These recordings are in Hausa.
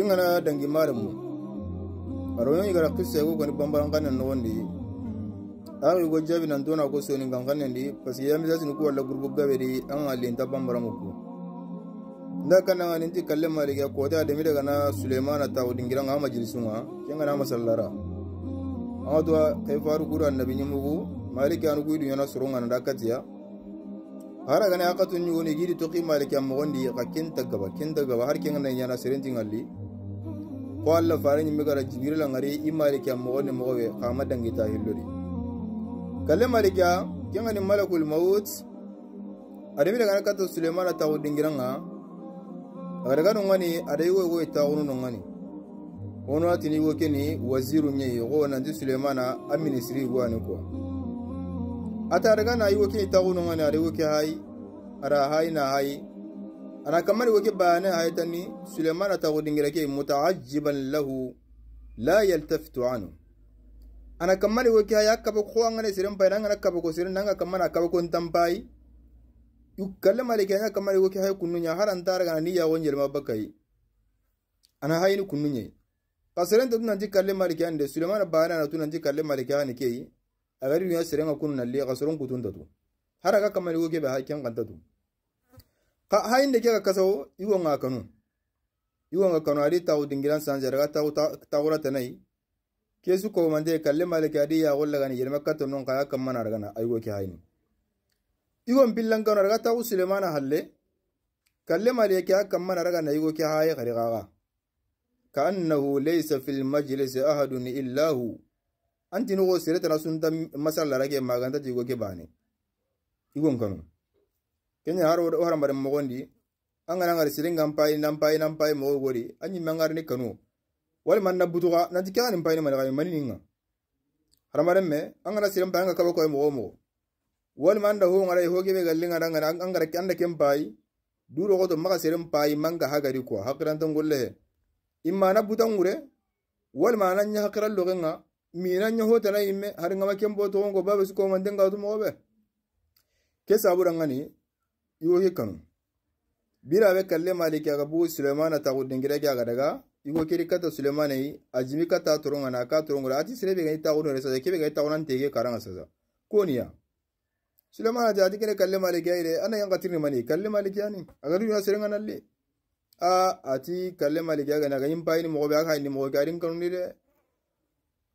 kingana dangi maremu aroyon gara kisse go goni bambaran kanen no wondi ami go jabi nan dona go soni ngan kanen di pasi yami zasi nuku wala gurbu gabe di an alin ta bambaran muku nda kana ngani ti kalle mari ga ko da demi daga na sulaimana wudin giran ga majalisun wa kingana masallara awdwa kai faru guru annabi mugu. maliki anu kuidu yana surunga na dakatiya har gane akatun yoni gidi to qima da kyan mogondi ka kinta gaba kinta gaba har kin nan yana sirintin alli ko alla fare ñimme gara jibrila ngari i mari ke mogo ne mogo be xama dangita hillodi kale mari ka ke ngani malakul maut ademire gana kato suleimana taxu dingiranga agada ganu ngani ada iwo iwo taxunu no ngani wono atini iwo keni waziru ñeyi xo nanti suleimana a ministri iwani quoi ata ada gana iwo keni taxunu ngani ada iwo ke hayi ada hayi na hayi ana kamari a bane haytani suleimana tagudingirake mutaajiban lahu la yaltafitu anu ana kamari woke haya kaba ko angana sirin bayan nanga kaba ko sirin nanga kamana kaba ko yi yukalle malike anya kamari woke hay kunnunya harantara yawon niya wonjel yi. ana hayni kunnunya kasirin da tunanti kalle malike ande suleimana bane ana tunanti kalle malike ani kei agari ya sirin akunu nalle kasirin kutun datu haraka kamari woke ba hakken kantatu ka da ke ka kasawo nga kanu nga kanu daga taxu dingilan ta nai. Ke su kesu mande kalle maleke adi yaxollagani yereme kattonnon xaya kammana aragana ayigo ke hain. igon billan kanu araga taxu sulemana halle kalle maleke a kammana aragana ayigo ke haye xari gaga ka annahu laysa fil majlis ahadun illa hu antini xo seretana sunta masalarage ti go ke bane igon kanu kenya haro o harambar mogondi angana ngari siringa mpai nampai nampai mo gori anyi mangari ne kanu wal man nabutuga nanti kani mpai ne mangari maninga harambar me angana siringa mpai anga kaba ko mo mo wal man ho ngara ho gebe gallinga ranga angara kanda kempai duro goto maga siringa mpai manga hagari ko hakran tan golle imma nabutan gure wal man anya hakran logenga mina nya ho imme har ngama kembo ngo babe ko manden to mo be ke sabura iwo iwoki kanu bira be kalle maliki agabu sulemana ga ga daga iwo kiri kata sulemana yi ajimi kata turunga na ka torongora ati sire be ga gani tagu no resaza kebe gani tagu nan tege karanga saza koniya sulemana ja dikene kalle maliki ayre ana yanga tirni mani kalle maliki ani aga agaru ya sirenga nalle a ati kalle maliki yin bayin impai go ba aga ni mogobe arin kanu ni de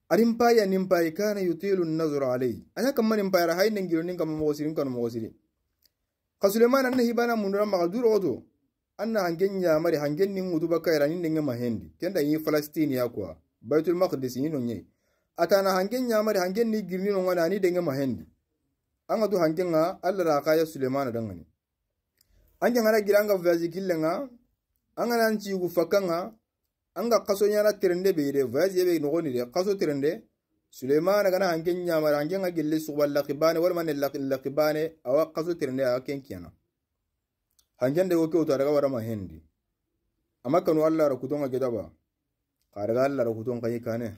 arin paya anin pai kana yutilu nazru alai aya kamman impai ra haynen giro mo kam mogosirin kanu sirin ka suleiman anna hibana mundura maga duro odo anna hangen ya mari hangen ni wudu baka iranin ni dange mahendi kenda yi palestine ya kwa baitul maqdis ni nonye atana hangen ya mari hangen ni girni non wana ni dange mahendi an anga du hangen nga alla ra kaya suleiman dangani anja ngara giranga vazi killenga anga nan ci gu fakanga anga kaso nyana trende be ire vazi be nogoni de kaso trende سليمان غنا هنجن نيامر هنجن اجل سو ولا قبانه ولا من الا قبانه او قصو ترني اكن كينا هنجن ده وكو تارغا ورا ما هندي اما كانوا الله ركودون اجدبا قارغا الله ركودون كاي كانه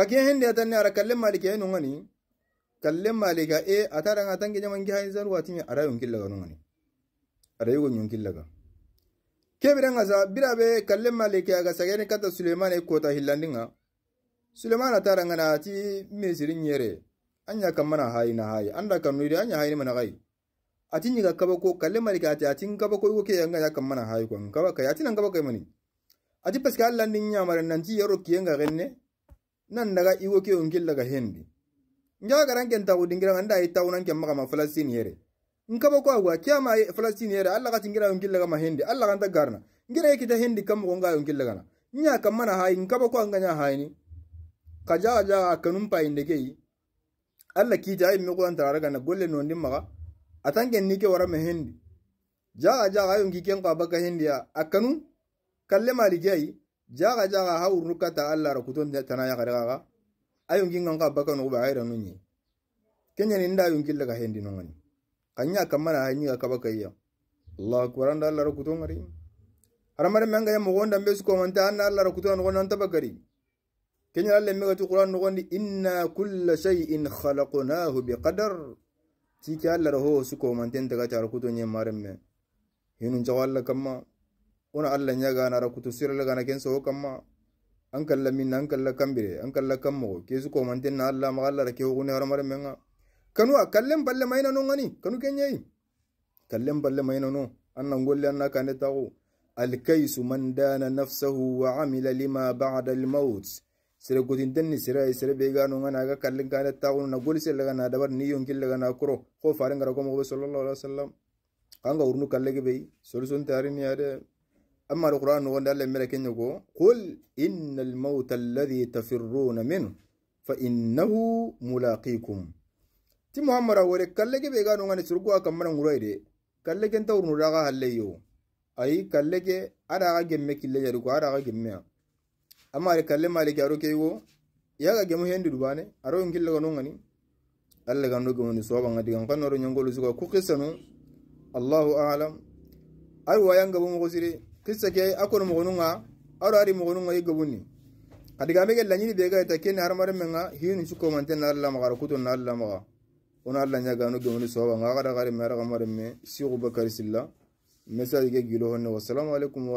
اكن هندي اتني اركلم مالك هنا غني كلم مالك اي اتارن اتنجي جمن جاي زر واتني ارا يمكن لغا غني ارا يمكن لغا كيف رنغا بيرابه كلم مالك اغا سغني كتا سليمان اي كوتا هيلاندينغا sulemana tarangana ti mesirin yere anya mana hayi na hayi anda nuri anya hayi mana gai atin yiga kaba ko kalle malika ati atin kaba ko yoke yanga ya kan mana hayi ko kaba kai atin kaba kai mani ati paske Allah nin nya maran nan ti yaro kiyanga genne nan daga iwo ke gilla daga hendi ga garan ken tawu gira anda ai tawu nan ken maka ma falastin yere in kaba ko agwa kiya ma falastin yere Allah ka tingira gilla daga ma hendi Allah kan ta garna ngira yake ta hendi kam ko nga ongil daga na nya mana hayi in kaba ko anga nya hayi ni kaja kaja kanun pa inde yi. Allah ki jai mi ko antara ga na golle no A maga atange ni ke wara me hindi ja ja ga yongi ken ka baka hindi ya akanu kalle mali jai ja ga ja ga hawru kata alla ra kuton tana ya ga ga ayongi ngan ka baka no ba da no ni kenya ni nda yongi la ga hindi no ngani kanya kamana hanyi ka baka iya allah ran da allah ra kuton ngari aramare menga ya mo gonda su ko an anna alla ra kuton ngona anta bakari كني الله مغتي القرآن نغني إنا كل شيء خلقناه بقدر تيكي الله رهو سكو من تنتغتي على كتو نيمارمي hinun jawalla kamma ona alla nyagana ra kutu sirala gana ken so kamma an kalla min an kalla kambire an kalla kammo ke su ko manten na alla ma alla ra ke hukune har mare menga kanu a kallem balle maina no ngani kanu ken yayi kallem balle maina no annan golle anna kane tawo الكيس من دان نفسه وعمل لما بعد الموت sire godintenni sire sire begano ngana naga kallin kana taunu na golise laga na dabar ni yonkin laga na kuro ko farin gara ko mo sallallahu alaihi wasallam kanga urnu kallege be solution taari ya de amma alquran wanda Allah mere kenyo go qul innal mauta alladhi tafirruna minhu fa innahu mulaqikum ti muhammad awore kallege be gano ngana surgu akamana nguraide kallege nta urnu daga halleyo ayi kallege ada ga gemme kille yarugo ada ga gemme amma kale kalle mali garo ke wo yaga gemu hendi dubane aro ngilla kono ngani alla gando gemu ni soba ngadi kan kanoro nyongolo suko ku qissanu Allahu a'lam ar wayanga bu mo sire qissa ke akono mo nunga aro ari mo nunga yigabunni kadiga mege lanyini bega ta ken har mare menga hinu suko manten na alla magara kuto na alla maga ona alla nya gano gemu ni soba ngaga da gari mera me siru bakari silla message ke gilo